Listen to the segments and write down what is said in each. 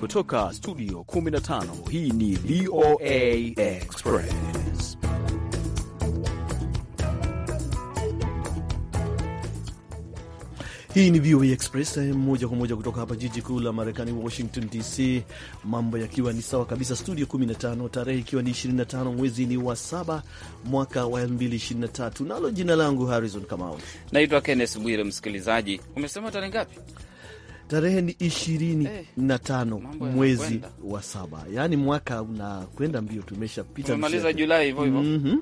Kutoka studio 15 hii ni VOA Express. Hii ni VOA Express eh, moja kwa moja kutoka hapa jiji kuu la Marekani, Washington DC, mambo yakiwa ni sawa kabisa studio 15, tarehe ikiwa ni 25, mwezi ni wa saba, mwaka wa 2023. Nalo jina langu Harrison Kamau, naitwa Kenneth Bwire. Msikilizaji, umesema tarehe ngapi? Tarehe ni ishirini hey, eh, na tano mwezi wa saba, yaani mwaka unakwenda mbio, tumeshapita tumemaliza Julai hivo hivo mm -hmm.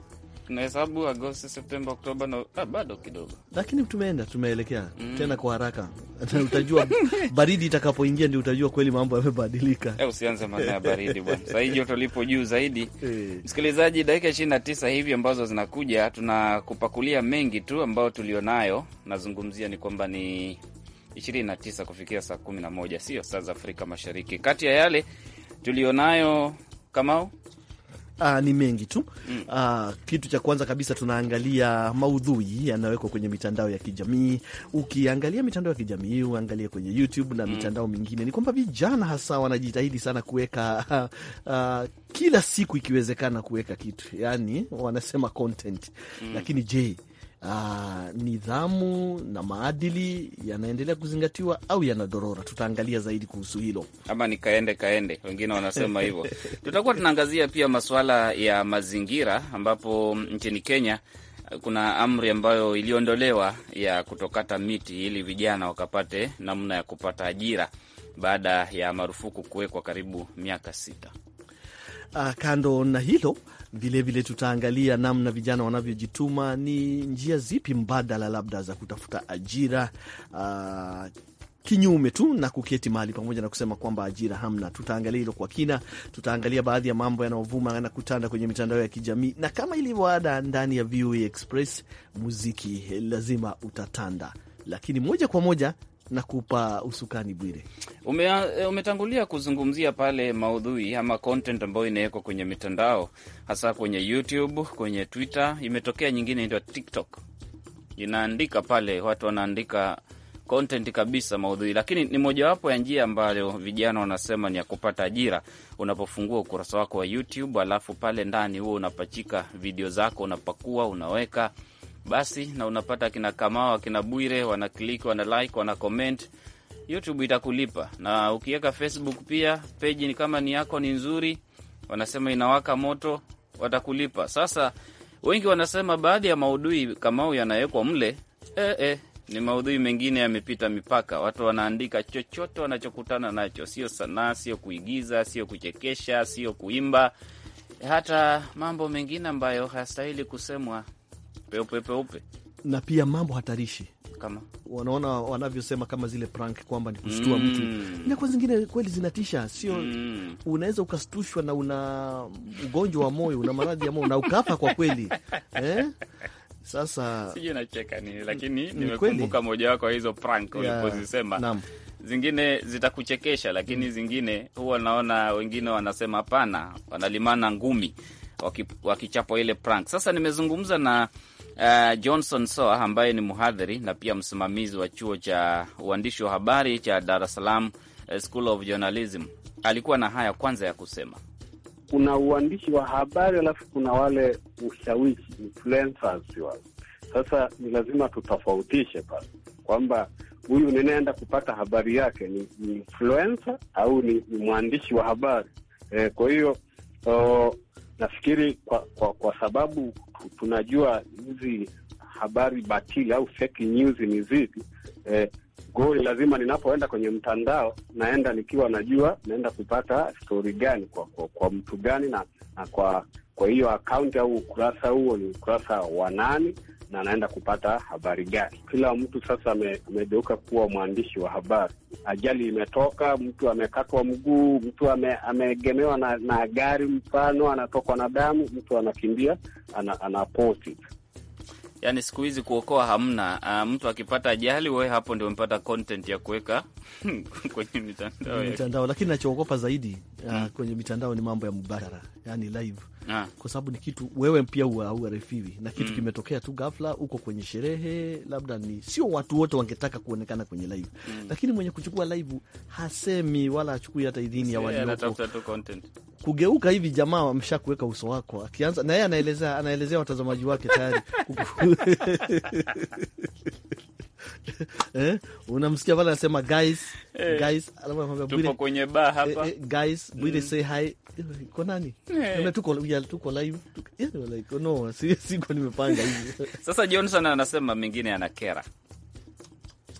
Tunahesabu Agosti, Septemba, Oktoba na ah, bado kidogo, lakini tumeenda tumeelekea mm, tena kwa haraka utajua baridi itakapoingia ndio utajua kweli mambo yamebadilika. E, usianze maana ya baridi bwana, sahii joto lipo juu zaidi. Eh. Msikilizaji, dakika ishirini na tisa hivi ambazo zinakuja, tunakupakulia mengi tu ambayo tulionayo. Nazungumzia ni kwamba ni 29 kufikia saa 11, sio saa za Afrika Mashariki. Kati ya yale tulionayo Kamau Uh, ni mengi tu mm. Ah, kitu cha kwanza kabisa tunaangalia maudhui yanawekwa kwenye mitandao ya kijamii. Ukiangalia mitandao ya kijamii, uangalie kwenye YouTube na mm. mitandao mingine, ni kwamba vijana hasa wanajitahidi sana kuweka uh, kila siku ikiwezekana kuweka kitu, yani wanasema content mm. Lakini je, uh, nidhamu na maadili yanaendelea kuzingatiwa au yanadorora? Tutaangalia zaidi kuhusu hilo, ama ni kaende kaende, wengine wanasema hivyo. Tutakuwa tunaangazia pia masuala ya mazingira, ambapo nchini Kenya kuna amri ambayo iliondolewa ya kutokata miti ili vijana wakapate namna ya kupata ajira baada ya marufuku kuwekwa karibu miaka sita. Uh, kando na hilo Vilevile tutaangalia namna vijana wanavyojituma, ni njia zipi mbadala labda za kutafuta ajira uh, kinyume tu na kuketi mahali pamoja na kusema kwamba ajira hamna. Tutaangalia hilo kwa kina, tutaangalia baadhi ya mambo yanayovuma na kutanda kwenye mitandao ya kijamii, na kama ilivyo ada ndani ya VOA e Express, muziki lazima utatanda, lakini moja kwa moja na kupa usukani Bwire. Ume, eh, umetangulia kuzungumzia pale maudhui ama content ambayo inawekwa kwenye mitandao hasa kwenye YouTube, kwenye Twitter. Imetokea nyingine inaitwa TikTok, inaandika pale, watu wanaandika content kabisa maudhui, lakini ni mojawapo ya njia ambayo vijana wanasema ni ya kupata ajira. Unapofungua ukurasa wako wa YouTube alafu pale ndani huo unapachika video zako, unapakua, unaweka basi, na unapata akina Kamao, akina Bwire wana klik wana like, wana comment. YouTube itakulipa, na ukiweka Facebook pia peji ni kama ni yako ni nzuri, wanasema inawaka moto, watakulipa. Sasa wengi wanasema baadhi ya maudhui Kamau yanawekwa mle e, e, ni maudhui mengine yamepita mipaka. Watu wanaandika chochote wanachokutana nacho, sio sanaa, sio kuigiza, sio kuchekesha, sio kuimba, hata mambo mengine ambayo hayastahili kusemwa peupe peupe, na pia mambo hatarishi kama wanaona wanavyosema kama zile prank kwamba ni kushtua mm. mtu na kwa zingine kweli zinatisha, sio mm. unaweza ukastushwa na una ugonjwa wa moyo, una maradhi ya moyo na ukafa kwa kweli eh? Sasa sijui nacheka nini, lakini nimekumbuka mojawako wa hizo prank ulipozisema yeah. Zingine zitakuchekesha lakini mm. zingine huwa naona wengine wanasema hapana, wanalimana ngumi wakichapa ile prank. Sasa nimezungumza na uh, Johnson Soa ambaye ni mhadhiri na pia msimamizi wa chuo cha uandishi wa habari cha Dar es Salaam eh, School of Journalism, alikuwa na haya kwanza ya kusema. Kuna uandishi wa habari alafu kuna wale ushawishi influencers Sasa ni lazima tutofautishe pale kwamba huyu ninaenda kupata habari yake ni, ni influencer au ni, ni mwandishi wa habari e, kwa hiyo oh, Nafikiri kwa, kwa, kwa sababu tunajua hizi habari batili au fake news ni zipi eh, goli lazima ninapoenda kwenye mtandao naenda nikiwa najua naenda kupata stori gani kwa, kwa, kwa mtu gani na, na kwa kwa hiyo akaunti au ukurasa huo ni ukurasa wa nani na anaenda kupata habari gani? Kila mtu sasa amegeuka kuwa mwandishi wa habari. Ajali imetoka, mtu amekatwa mguu, mtu ameegemewa na, na gari mfano, anatokwa na damu, mtu anakimbia ana, anapoti yaani siku hizi kuokoa hamna. Uh, mtu akipata ajali, wewe hapo ndio umepata content ya kuweka kwenye mitandao mitandao. Lakini nachoogopa zaidi uh, kwenye mitandao ni mambo ya mubashara, yani live Ah. kwa sababu ni kitu wewe pia hauarifiwi na kitu mm. kimetokea tu ghafla, uko kwenye sherehe, labda ni sio watu wote wangetaka kuonekana kwenye live mm. lakini mwenye kuchukua live hasemi wala achukui hata idhini ya walioko kugeuka hivi. Jamaa wamesha kuweka uso wako, akianza na yeye anaelezea anaelezea watazamaji wake tayari eh, unamsikia pale anasema guys, hey, eh. guys, alafu anakuambia Bwire, tuko kwenye bar eh, hapa eh, eh, guys, Bwire mm, say hi kwa nani hey, eh. na tuko ya tuko live tuko yeah, like oh, no, si si kwa nimepanga hivi sasa. Johnson anasema mengine anakera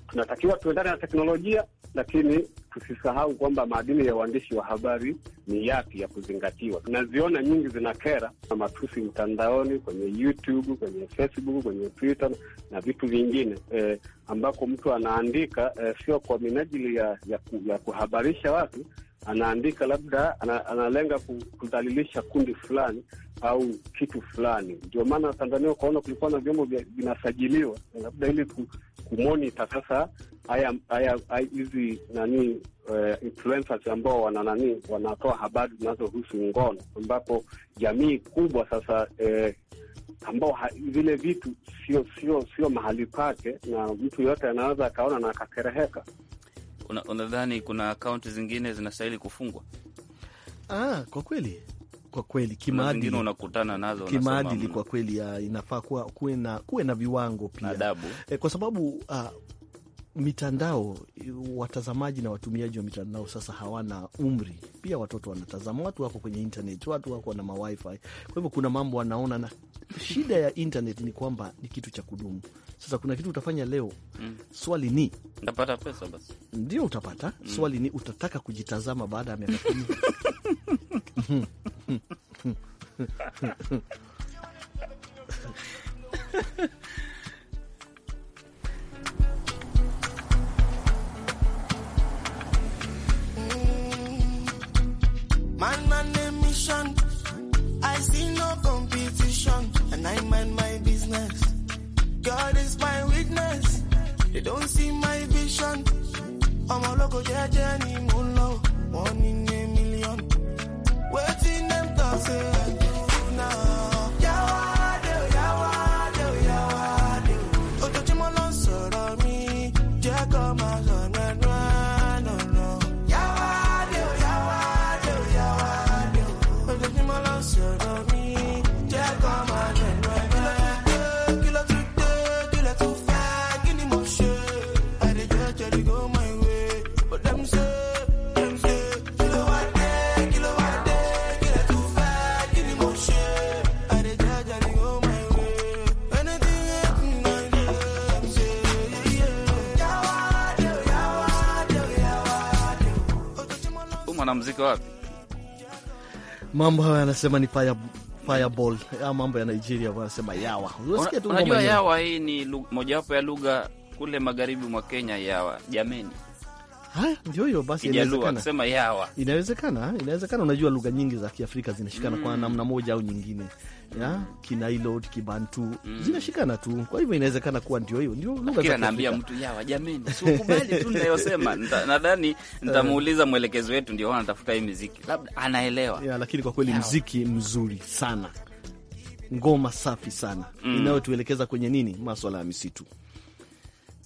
tunatakiwa tuendane na teknolojia, lakini tusisahau kwamba maadili ya uandishi wa habari ni yapi ya kuzingatiwa. Tunaziona nyingi zina kera na matusi mtandaoni, kwenye YouTube, kwenye Facebook, kwenye Twitter na vitu vingine eh, ambako mtu anaandika eh, sio kwa minajili ya, ya, ya kuhabarisha watu anaandika labda ana, analenga kudhalilisha kundi fulani au kitu fulani. Ndio maana Tanzania ukaona kulikuwa na vyombo vinasajiliwa labda ili kumonita sasa haya hizi nani uh, influencers ambao wana nani wanatoa habari zinazohusu ngono, ambapo jamii kubwa sasa eh, ambao vile vitu sio sio sio mahali pake, na mtu yoyote anaweza akaona na akakereheka unadhani una kuna akaunti zingine zinastahili kufungwa? Ah, kwa kweli kwa kweli kimaadili unakutana nazo kimaadili, kwa kweli ah, inafaa kuwe na, na viwango pia na adabu e, kwa sababu uh, mitandao, watazamaji na watumiaji wa mitandao sasa hawana umri. Pia watoto wanatazama, watu wako kwenye internet, watu wako na mawifi. Kwa hivyo kuna mambo wanaona, na shida ya internet ni kwamba ni kitu cha kudumu. Sasa kuna kitu utafanya leo mm. swali ni utapata pesa basi, ndio utapata mm. swali ni utataka kujitazama baada ya miaka kumi Man name a mission. I see no competition, and I mind my business. God is my witness. They don't see my vision. I'm a local journey, moon one in a million. Waiting them to say. Umefika wapi? Mambo hayo yanasema ni fire fireball ya mambo ya Nigeria, wanasema yawa. Unajua yawa hii ni mojawapo ya lugha kule magharibi mwa Kenya, yawa jameni Haya, ndio hiyo basi, inawezekana sema yawa, inawezekana, inawezekana. Unajua lugha nyingi za Kiafrika zinashikana mm, kwa namna moja au nyingine ya Kinailot, Kibantu mm, zinashikana tu. Kwa hivyo inawezekana kuwa ndio hiyo ndio lugha za naambia mtu yawa, jamani, sikubali tu ninayosema. Nadhani nitamuuliza eh. mwelekezi wetu, ndio anatafuta hii muziki, labda anaelewa ya, lakini kwa kweli yawa, muziki mzuri sana, ngoma safi sana mm, inayotuelekeza kwenye nini, maswala ya misitu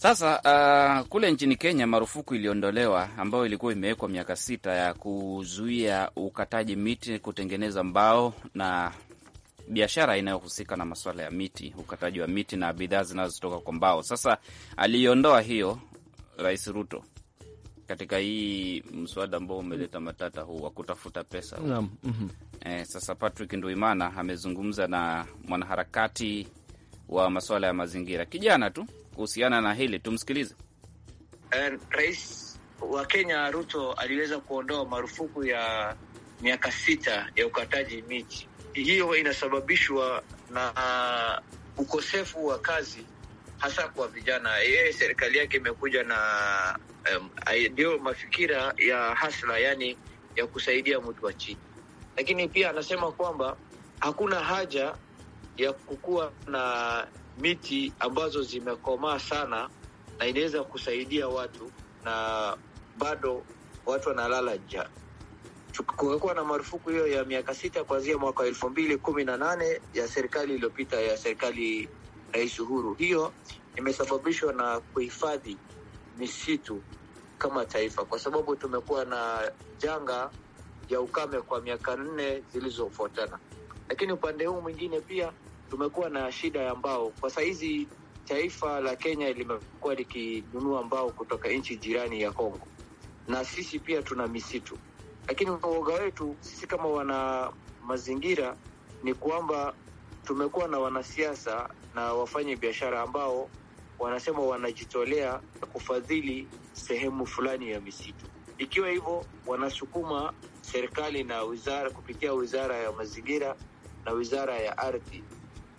sasa uh, kule nchini Kenya marufuku iliondolewa ambayo ilikuwa imewekwa miaka sita ya kuzuia ukataji miti, kutengeneza mbao na biashara inayohusika na masuala ya miti, ukataji wa miti na bidhaa zinazotoka kwa mbao. Sasa aliiondoa hiyo Rais Ruto katika hii mswada ambao umeleta matata huu wa kutafuta pesa huu. Mm -hmm. Eh, sasa Patrick Nduimana amezungumza na mwanaharakati wa masuala ya mazingira kijana tu kuhusiana na hili, tumsikilize. Eh, Rais wa Kenya Ruto aliweza kuondoa marufuku ya miaka sita ya ukataji miti. Hiyo inasababishwa na ukosefu wa kazi hasa kwa vijana. Yeye serikali yake imekuja na ndio um, mafikira ya hasla, yani ya kusaidia mtu wa chini, lakini pia anasema kwamba hakuna haja ya kukuwa na miti ambazo zimekomaa sana na inaweza kusaidia watu, na bado watu wanalala njaa. Kumekuwa na marufuku hiyo ya miaka sita kuanzia mwaka wa elfu mbili kumi na nane ya serikali iliyopita ya serikali Rais Uhuru. Hiyo imesababishwa na kuhifadhi misitu kama taifa, kwa sababu tumekuwa na janga ya ukame kwa miaka nne zilizofuatana. Lakini upande huu mwingine pia tumekuwa na shida ya mbao kwa sahizi. Taifa la Kenya limekuwa likinunua mbao kutoka nchi jirani ya Kongo, na sisi pia tuna misitu, lakini uoga wetu sisi kama wana mazingira ni kwamba tumekuwa na wanasiasa na wafanye biashara ambao wanasema wanajitolea kufadhili sehemu fulani ya misitu. Ikiwa hivyo, wanasukuma serikali na wizara kupitia wizara ya mazingira na wizara ya ardhi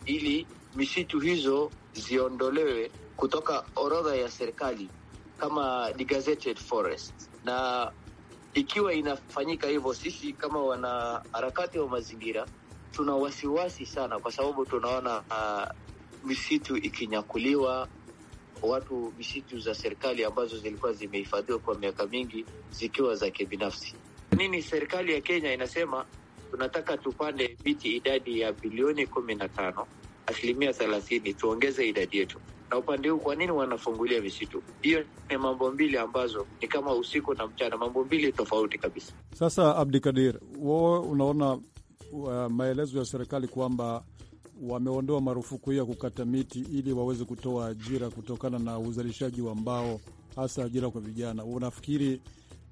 ili misitu hizo ziondolewe kutoka orodha ya serikali kama forest. Na ikiwa inafanyika hivyo, sisi kama wanaharakati wa mazingira tuna wasiwasi sana, kwa sababu tunaona uh, misitu ikinyakuliwa watu misitu za serikali ambazo zilikuwa zimehifadhiwa kwa miaka mingi zikiwa za kibinafsi. Nini serikali ya Kenya inasema tunataka tupande miti idadi ya bilioni kumi na tano asilimia thelathini tuongeze idadi yetu na upande huu, kwa nini wanafungulia visitu? Hiyo ni mambo mbili ambazo ni kama usiku na mchana, mambo mbili tofauti kabisa. Sasa Abdikadir, wewe unaona uh, maelezo ya serikali kwamba wameondoa marufuku hiyo ya kukata miti ili waweze kutoa ajira kutokana na uzalishaji wa mbao, hasa ajira kwa vijana. Unafikiri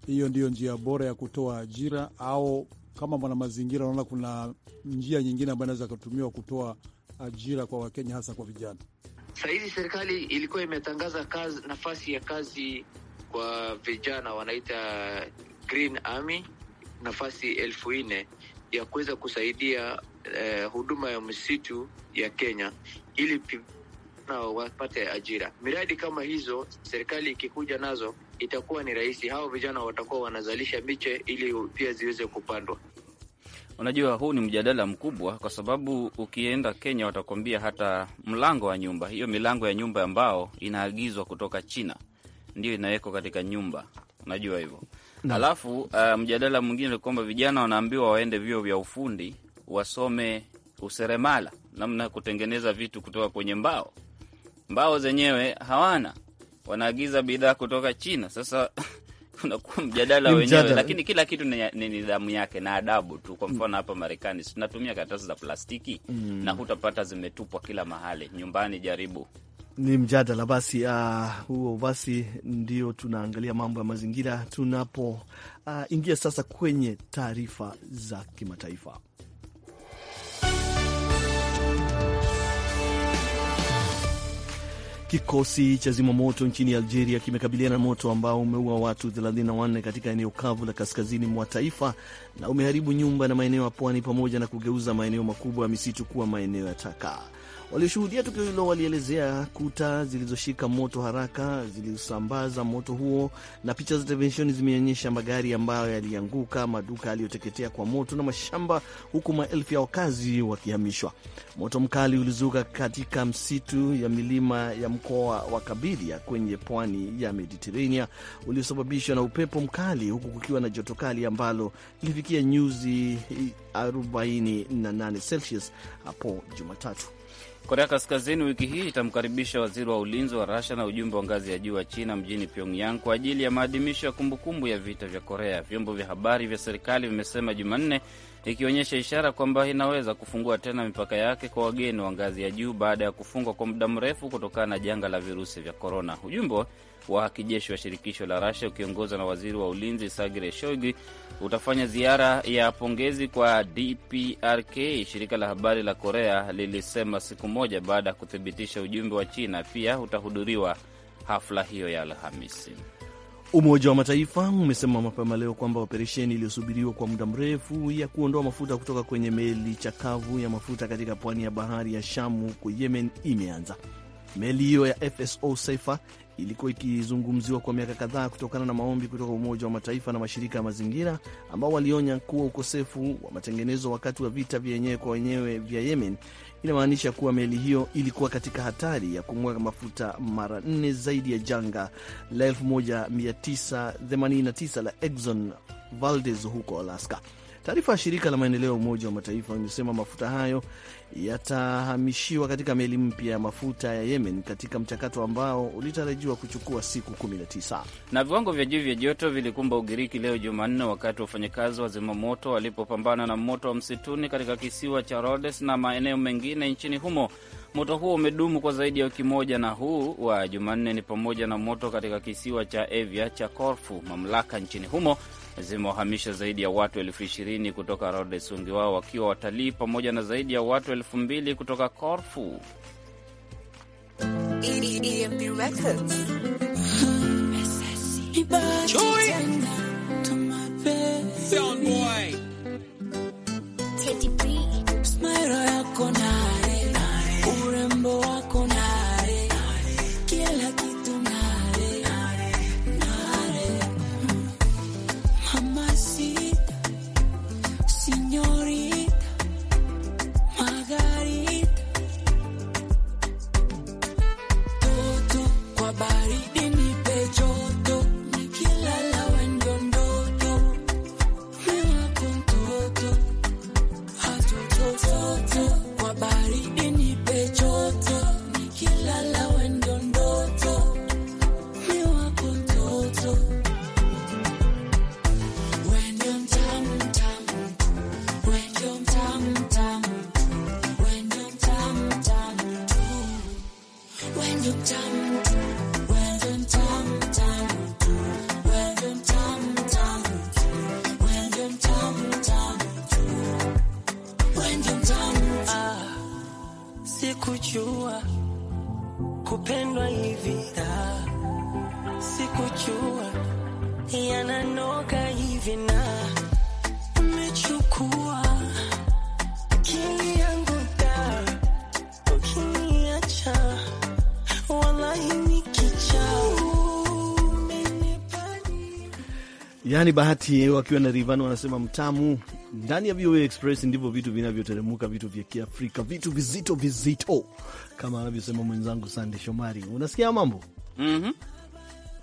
hiyo ndiyo njia bora ya kutoa ajira au kama mwanamazingira, unaona kuna njia nyingine ambayo inaweza kutumiwa kutoa ajira kwa Wakenya, hasa kwa vijana? Sahizi serikali ilikuwa imetangaza kazi, nafasi ya kazi kwa vijana wanaita Green Army, nafasi elfu nne ya kuweza kusaidia eh, huduma ya msitu ya Kenya ili na wapate ajira. Miradi kama hizo serikali ikikuja nazo itakuwa ni rahisi, hao vijana watakuwa wanazalisha miche ili pia ziweze kupandwa. Unajua, huu ni mjadala mkubwa, kwa sababu ukienda Kenya watakuambia hata mlango wa nyumba, hiyo milango ya nyumba ambao inaagizwa kutoka China ndio inawekwa katika nyumba, unajua hivyo. Alafu uh, mjadala mwingine ni kwamba vijana wanaambiwa waende vyuo vya ufundi wasome useremala, namna ya kutengeneza vitu kutoka kwenye mbao mbao zenyewe hawana, wanaagiza bidhaa kutoka China. Sasa unakuwa mjadala wenyewe, lakini kila kitu ni nidhamu yake na adabu tu. Kwa mfano hapa Marekani tunatumia karatasi za plastiki mm, na hutapata zimetupwa kila mahali. Nyumbani jaribu ni mjadala basi. Uh, huo basi ndio tunaangalia mambo ya mazingira tunapo uh, ingia sasa kwenye taarifa za kimataifa. Kikosi cha zimamoto nchini Algeria kimekabiliana na moto ambao umeua watu 34 katika eneo kavu la kaskazini mwa taifa na umeharibu nyumba na maeneo ya pwani pamoja na kugeuza maeneo makubwa ya misitu kuwa maeneo ya taka. Walioshuhudia tukio hilo walielezea kuta zilizoshika moto haraka zilisambaza moto huo, na picha za televisheni zimeonyesha magari ambayo yalianguka, maduka yaliyoteketea kwa moto na mashamba, huku maelfu ya wakazi wakihamishwa. Moto mkali ulizuka katika msitu ya milima ya mkoa wa Kabilia kwenye pwani ya Mediterania uliosababishwa na upepo mkali, huku kukiwa na joto kali ambalo lilifikia nyuzi 48 Celsius hapo Jumatatu. Korea Kaskazini wiki hii itamkaribisha waziri wa ulinzi wa Rasha na ujumbe wa ngazi ya juu wa China mjini Pyongyang kwa ajili ya maadhimisho ya kumbukumbu ya vita vya Korea. Vyombo vya habari vya serikali vimesema Jumanne ikionyesha ishara kwamba inaweza kufungua tena mipaka yake kwa wageni wa ngazi ya juu baada ya kufungwa kwa muda mrefu kutokana na janga la virusi vya korona. Ujumbe wa kijeshi wa shirikisho la Rasia ukiongozwa na waziri wa ulinzi sagre Shoigu utafanya ziara ya pongezi kwa DPRK, shirika la habari la Korea lilisema siku moja baada ya kuthibitisha ujumbe wa China pia utahudhuriwa hafla hiyo ya Alhamisi. Umoja wa Mataifa umesema mapema leo kwamba operesheni iliyosubiriwa kwa muda mrefu ya kuondoa mafuta kutoka kwenye meli chakavu ya mafuta katika pwani ya bahari ya Shamu huko Yemen imeanza. Meli hiyo ya FSO Safer ilikuwa ikizungumziwa kwa miaka kadhaa kutokana na maombi kutoka Umoja wa Mataifa na mashirika ya mazingira ambao walionya kuwa ukosefu wa matengenezo wakati wa vita vya wenyewe kwa wenyewe vya Yemen inamaanisha kuwa meli hiyo ilikuwa katika hatari ya kumwaga mafuta mara nne zaidi ya janga la 1989 la Exxon Valdez huko Alaska. Taarifa ya shirika la maendeleo ya Umoja wa Mataifa imesema mafuta hayo yatahamishiwa katika meli mpya ya mafuta ya Yemen katika mchakato ambao ulitarajiwa kuchukua siku 19. Na viwango vya juu vya joto vilikumba Ugiriki leo Jumanne, wakati wafanyakazi wa zimamoto walipopambana na moto wa msituni katika kisiwa cha Rhodes na maeneo mengine nchini humo. Moto huo umedumu kwa zaidi ya wiki moja, na huu wa Jumanne ni pamoja na moto katika kisiwa cha Evia cha Korfu. Mamlaka nchini humo zimewahamisha zaidi ya watu elfu ishirini kutoka Rhodes, wengi wao wakiwa watalii pamoja na zaidi ya watu elfu mbili kutoka Korfu. Yani Bahati wakiwa na rivan wanasema mtamu ndani ya VOA Express. Ndivyo vitu vinavyoteremuka, vitu vya Kiafrika, vitu vizito vizito, kama anavyosema mwenzangu Sande Shomari. Unasikia mambo mm -hmm.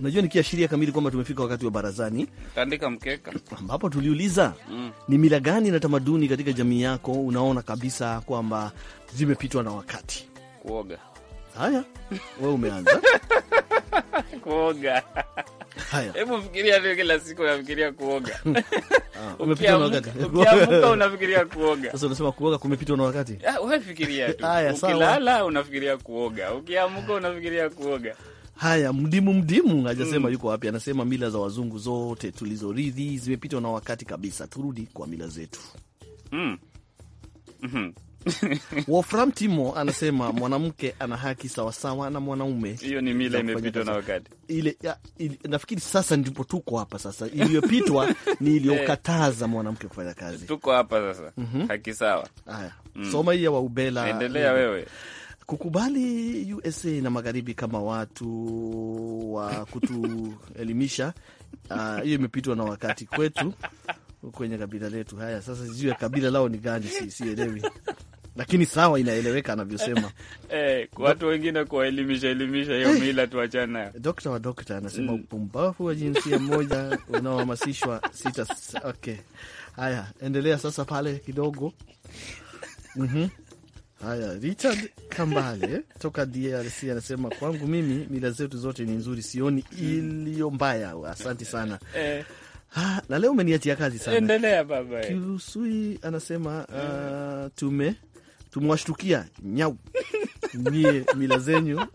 Unajua ni kiashiria kamili kwamba tumefika wakati wa barazani, tandika mkeka, ambapo tuliuliza mm, ni mila gani na tamaduni katika jamii yako unaona kabisa kwamba zimepitwa na wakati? Kuoga. Haya, we umeanza kuoga Hebu fikiria leo, kila siku unafikiria kuoga, ukiamka ah, unafikiria kuoga. Sasa unasema kuoga kumepitwa na wakati. Ah, wewe fikiria tu, ukilala unafikiria kuoga, ukiamka unafikiria kuoga. Haya, mdimu mdimu hajasema mm, yuko wapi? Anasema mila za wazungu zote tulizoridhi zimepitwa na wakati kabisa, turudi kwa mila zetu mm. Mhm. Wolfram Timo anasema mwanamke ana haki sawasawa na mwanaume. Hiyo ni mila imepitwa na wakati ile, ya, ile. Nafikiri sasa ndipo tuko hapa sasa, iliyopitwa ni eh. iliyokataza mwanamke kufanya kazi. Tuko hapa sasa mm -hmm. haki sawa. Haya, mm. soma hii ya Waubela, endelea wewe kukubali USA na magharibi kama watu wa kutuelimisha ah, hiyo. Uh, imepitwa na wakati kwetu kwenye kabila letu. Haya sasa, sijui ya kabila lao ni gani, sielewi si lakini sawa, inaeleweka anavyosema. eh, kwa watu wengine kuwaelimisha elimisha hiyo eh, mila tuachana nayo. Dokta wa dokta anasema mm, upumbavu wa jinsia moja unaohamasishwa sita. Okay, haya, endelea sasa pale kidogo. mm -hmm. Haya, Richard Kambale toka DRC anasema kwangu mimi mila zetu zote ni nzuri, sioni mm. iliyo mbaya. Asanti sana eh. Ha, na leo umeniatia kazi sana. Endelea baba. Kiusui anasema uh, tume tumewashtukia nyau nyie mila zenyu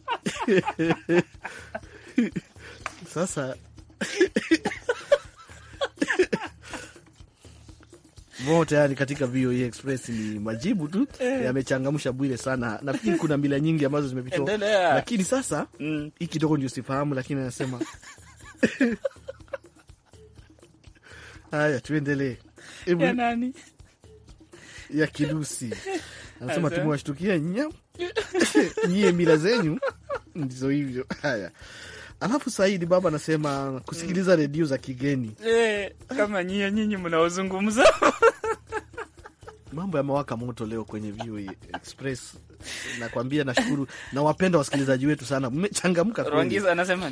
sasa mo tayari katika VOA e Express ni majibu tu eh, yamechangamsha Bwire sana. Nafikiri kuna mila nyingi ambazo zimepitwa, lakini sasa mm. hii mm, kidogo ndio sifahamu, lakini anasema haya, tuendelee ya kidusi Anasema eh? tumewashtukia nyie, mila zenyu ndizo hivyo. Haya. Alafu Saidi baba anasema kusikiliza redio za kigeni e, kama nyie nyinyi mnaozungumza mambo yamewaka moto leo kwenye VOA Express. Nakwambia, nashukuru nawapenda wasikilizaji wetu sana, mmechangamka. Rwangiza anasema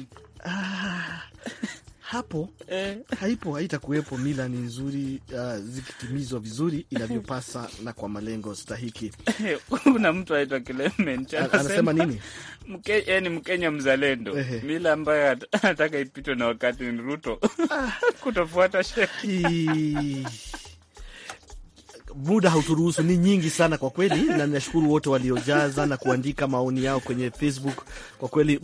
hapo eh. haipo, haitakuwepo. Mila ni nzuri uh, zikitimizwa vizuri inavyopasa na kwa malengo stahiki. Kuna mtu anaitwa Clement anasema nini? Mke, yani Mkenya mzalendo Ehe. Mila ambayo anataka ipitwe na wakati ni Ruto ah. kutofuata sheria muda hauturuhusu, ni nyingi sana kwa kweli, na nashukuru wote waliojaza na kuandika maoni yao kwenye Facebook. Kwa kweli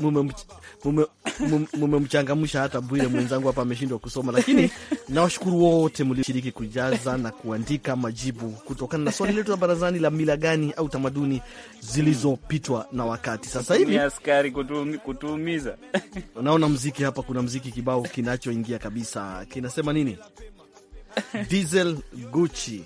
mumemchangamsha hata Bwire mwenzangu hapa ameshindwa kusoma, lakini nawashukuru wote mlioshiriki kujaza na kuandika majibu kutokana na swali letu la barazani la mila gani au tamaduni zilizopitwa na wakati. Sasa hivi askari kutuumiza, unaona mziki hapa, kuna mziki kibao kinachoingia kabisa, kinasema nini? Diesel Gucci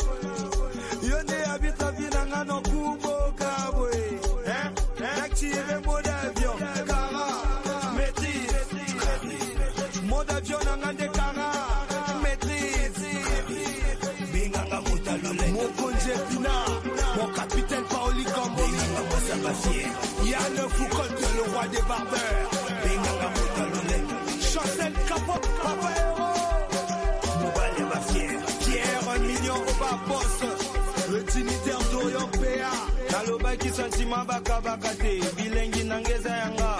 roi des barbeurs. Benganga Motalonais, Chancel Capote, Papa Héros. Moubalé ma fière, Pierre Mignon au Babos. Le dignitaire d'Orient PA. qui sentima, Baka Bakate, Bilengi Nangeza Yanga.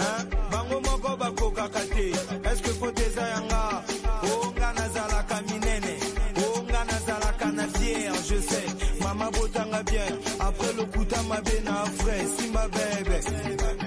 Hein? Bango Moko Bako Kakate, est-ce que côté Zayanga? Oh, Ganazala Kaminene. Oh, Ganazala Kanafière, je sais. Mama Botanga bien. Après le coup, t'as bien béna, si ma bébé.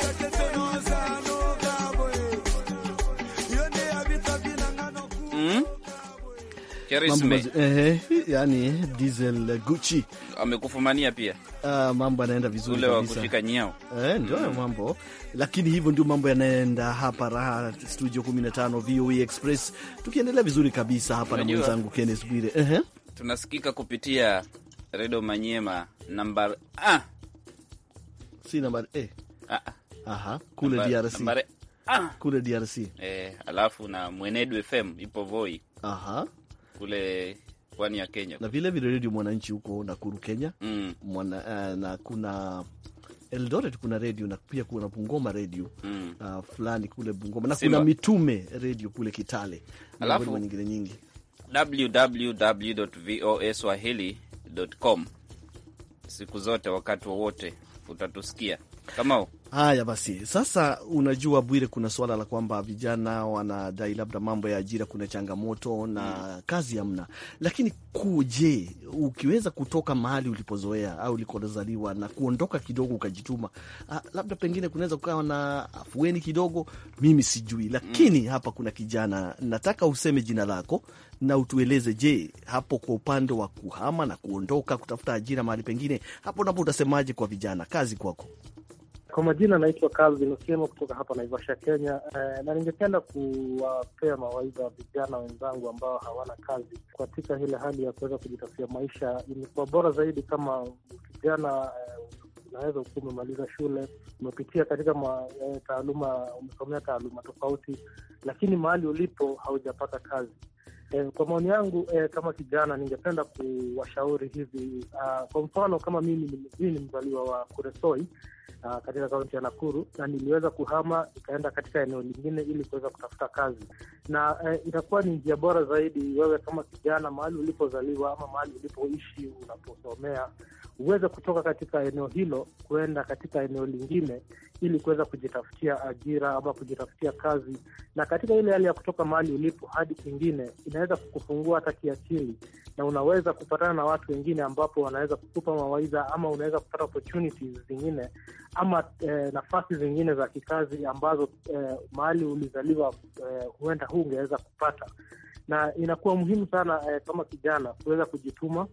Yaani, eh, yani Diesel Gucci amekufumania pia. Uh, mambo yanaenda vizuri kabisa. Ule wa kushika nyao. Eh, ndio mm. mambo. Lakini hivyo ndio mambo yanaenda hapa Raha Studio 15 VOA e Express. Tukiendelea vizuri kabisa hapa Unajua, na mwenzangu Kenneth Bwire. Eh. Uh -huh. Tunasikika kupitia Redo Manyema namba ah. Si namba eh. Ah. Aha, kule number, DRC. Namba ah. Kule DRC. Eh, alafu na Mwenedu FM ipo Voi. Aha kule pwani ya Kenya na vilevile redio Mwananchi huko Nakuru, Kenya mm. Mwana, uh, na kuna Eldoret kuna redio na pia kuna Bungoma redio mm. uh, fulani kule Bungoma na Simba. kuna Mitume redio kule Kitale na nyingine nyingi www.voaswahili.com. Siku zote wakati wowote utatusikia Kamao. Haya basi, sasa unajua Bwire, kuna swala la kwamba vijana wanadai labda mambo ya ajira, kuna changamoto na mm. kazi hamna. Lakini kuje, ukiweza kutoka mahali ulipozoea au ulikozaliwa na kuondoka kidogo ukajituma, ah, labda pengine kunaweza kukawa na afueni kidogo, mimi sijui. Lakini mm. hapa kuna kijana, nataka useme jina lako na utueleze, je, hapo kwa upande wa kuhama na kuondoka kutafuta ajira mahali pengine, hapo napo utasemaje kwa vijana? Kazi kwako. Kwa majina naitwa Calvin Otieno kutoka hapa Naivasha, Kenya. E, na ningependa kuwapea mawaidha vijana wenzangu ambao hawana kazi katika ile hali ya kuweza kujitafutia maisha. Imekuwa bora zaidi kama kijana e, unaweza ukuwa umemaliza shule, umepitia katika ma, eh, taaluma, umesomea taaluma tofauti, lakini mahali ulipo haujapata kazi. E, kwa maoni yangu e, kama kijana ningependa kuwashauri hivi. Uh, kwa mfano kama mimi ni mzaliwa wa Kuresoi uh, katika kaunti ya Nakuru, na niliweza kuhama nikaenda katika eneo lingine ili kuweza kutafuta kazi, na uh, itakuwa ni njia bora zaidi wewe kama kijana, mahali ulipozaliwa ama mahali ulipoishi, unaposomea, uweze kutoka katika eneo hilo kuenda katika eneo lingine ili kuweza kujitafutia ajira ama kujitafutia kazi, na katika ile hali ya kutoka mahali ulipo hadi kingine inaweza kukufungua hata kiakili, na unaweza kupatana na watu wengine ambapo wanaweza kukupa mawaidha ama unaweza kupata opportunities zingine ama eh, nafasi zingine za kikazi ambazo eh, mahali ulizaliwa eh, huenda huu ungeweza kupata, na inakuwa muhimu sana eh, kama kijana kuweza kujituma,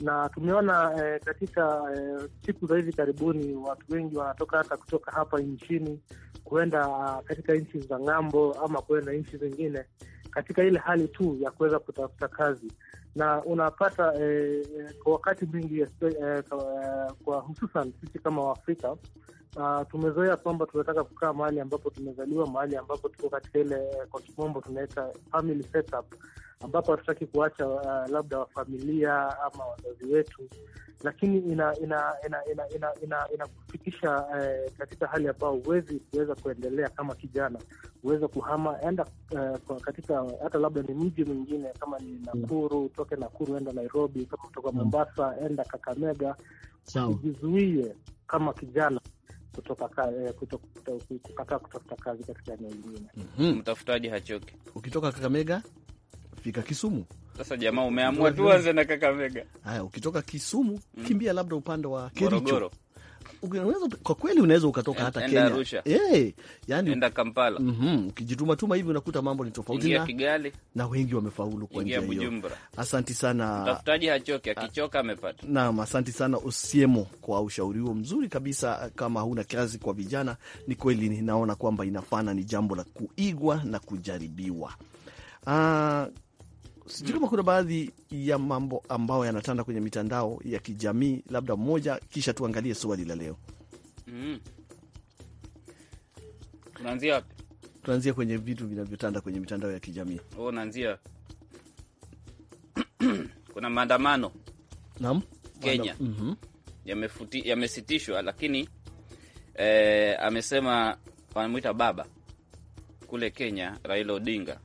na tumeona eh, katika eh, siku za hivi karibuni watu wengi wanatoka hata kutoka hapa nchini kuenda ah, katika nchi za ng'ambo ama kuenda nchi zingine katika ile hali tu ya kuweza kutafuta kazi, na unapata eh, eh kwa wakati mwingi eh, eh, eh, kwa hususan sisi kama Waafrika uh, tumezoea kwamba tunataka kukaa mahali ambapo tumezaliwa, mahali ambapo tuko katika ile, kwa kimombo tunaita family setup ambapo hatutaki kuacha uh, labda wafamilia ama wazazi wetu, lakini ina inakufikisha ina, ina, ina, ina, ina eh, katika hali ambayo huwezi kuweza kuendelea kama kijana, huweza kuhama enda eh, katika hata labda ni mji mwingine kama ni mm. Nakuru, utoke Nakuru enda Nairobi, kama kutoka mm. Mombasa enda Kakamega, ujizuie kama kijana eh, kukataa kutafuta kazi katika eneo lingine. Mm-hmm. Mtafutaji hachoki ukitoka Kakamega kufika Kisumu. Sasa jamaa, umeamua tu anze na Kakamega. Haya, ukitoka Kisumu mm. kimbia labda upande wa Kericho unaweza kwa kweli, unaweza ukatoka hata Kenya, Arusha, hey, eh, yani, enda Kampala, -hmm, ukijituma tuma hivi unakuta mambo ni tofauti na Kigali, na wengi wamefaulu kwa njia hiyo. Asanti sana mtafutaji, hachoki akichoka amepata. Naam, asanti sana Usiemo kwa ushauri huo mzuri kabisa. Kama huna kazi kwa vijana, ni kweli ninaona kwamba inafana, ni jambo la kuigwa na kujaribiwa. Ah, sijui kama kuna baadhi ya mambo ambayo yanatanda kwenye mitandao ya kijamii, labda mmoja, kisha tuangalie swali la leo mm. Unaanzia Tunaanzia kwenye vitu vinavyotanda kwenye mitandao ya kijamii. Oh, naanzia kuna maandamano naam, Kenya mm -hmm. yamesitishwa, lakini eh, amesema wanamwita baba kule Kenya Raila Odinga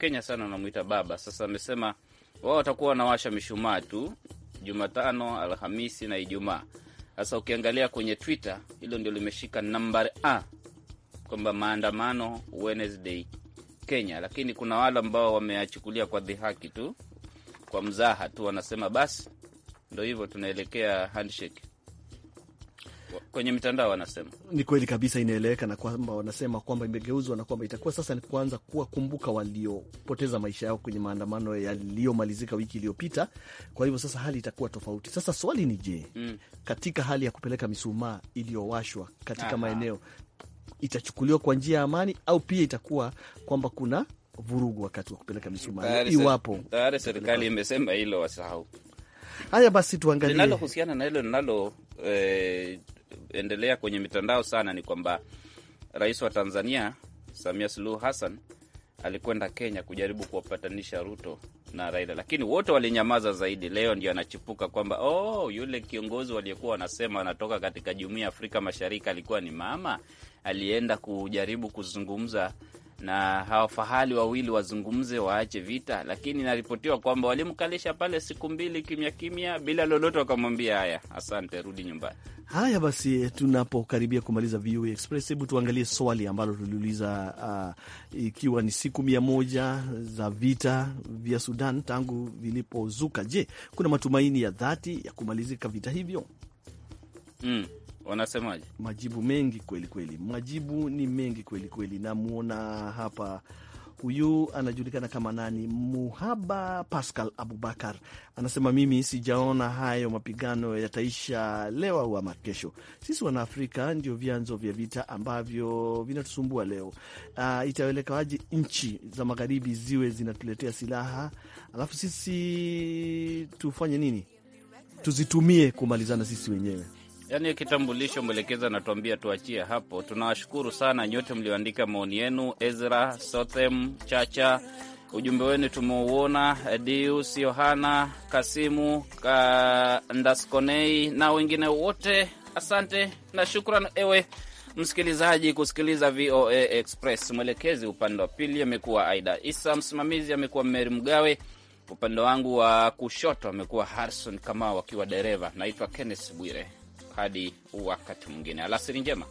kenya sana wanamwita baba. Sasa amesema wao watakuwa wanawasha mishumaa tu Jumatano, Alhamisi na Ijumaa. Sasa ukiangalia kwenye Twitter, hilo ndio limeshika nambari a kwamba maandamano Wednesday Kenya, lakini kuna wale ambao wameachukulia kwa dhihaki tu, kwa mzaha tu, wanasema basi ndo hivyo, tunaelekea handshake kwenye mitandao wanasema ni kweli kabisa, inaeleweka na kwamba wanasema kwamba imegeuzwa na kwamba itakuwa sasa ni kuanza kuwakumbuka waliopoteza maisha yao kwenye maandamano yaliyomalizika wiki iliyopita. Kwa hivyo sasa hali itakuwa tofauti. Sasa swali ni je, mm. katika hali ya kupeleka misumaa iliyowashwa katika Aha. maeneo itachukuliwa kwa njia ya amani au pia itakuwa kwamba kuna vurugu wakati wa kupeleka mishumaa? Iwapo tayari serikali imesema hilo, wasahau haya. Basi tuangalie linalohusiana na hilo linalo eh, kinachoendelea kwenye mitandao sana ni kwamba rais wa Tanzania Samia Suluhu Hassan alikwenda Kenya kujaribu kuwapatanisha Ruto na Raila, lakini wote walinyamaza zaidi. Leo ndio anachipuka kwamba oh, yule kiongozi waliokuwa wanasema anatoka katika jumuiya ya Afrika Mashariki alikuwa ni mama alienda kujaribu kuzungumza na hawafahali wawili wazungumze, waache vita, lakini inaripotiwa kwamba walimkalisha pale siku mbili kimya kimya, bila lolote, wakamwambia haya, asante, rudi nyumbani. Haya basi, eh, tunapokaribia kumaliza VOA e Express, hebu tuangalie swali ambalo tuliuliza, uh, ikiwa ni siku mia moja za vita vya Sudan tangu vilipozuka, je, kuna matumaini ya dhati ya kumalizika vita hivyo? mm wanasemaje? Majibu mengi kweli kweli, majibu ni mengi kweli kweli. Namwona hapa huyu anajulikana kama nani, Muhaba Pascal Abubakar anasema, mimi sijaona hayo mapigano yataisha leo au ama kesho. Sisi Wanaafrika ndio vyanzo vya vita ambavyo vinatusumbua leo. Uh, ah, itawelekawaje nchi za magharibi ziwe zinatuletea silaha alafu sisi tufanye nini? Tuzitumie kumalizana sisi wenyewe yani kitambulisho. Mwelekezi anatuambia tuachie hapo. Tunawashukuru sana nyote mlioandika maoni yenu, Ezra Sothem Chacha, ujumbe wenu tumeuona, Dius Yohana Kasimu Ndaskonei na wengine wote, asante na shukran ewe msikilizaji kusikiliza VOA Express. Mwelekezi upande wa pili amekuwa Aida Isa, msimamizi amekuwa Meri Mgawe, upande wangu wa kushoto amekuwa Harrison Kamau akiwa dereva. Naitwa Kenneth Bwire hadi wakati mwingine, alasiri njema.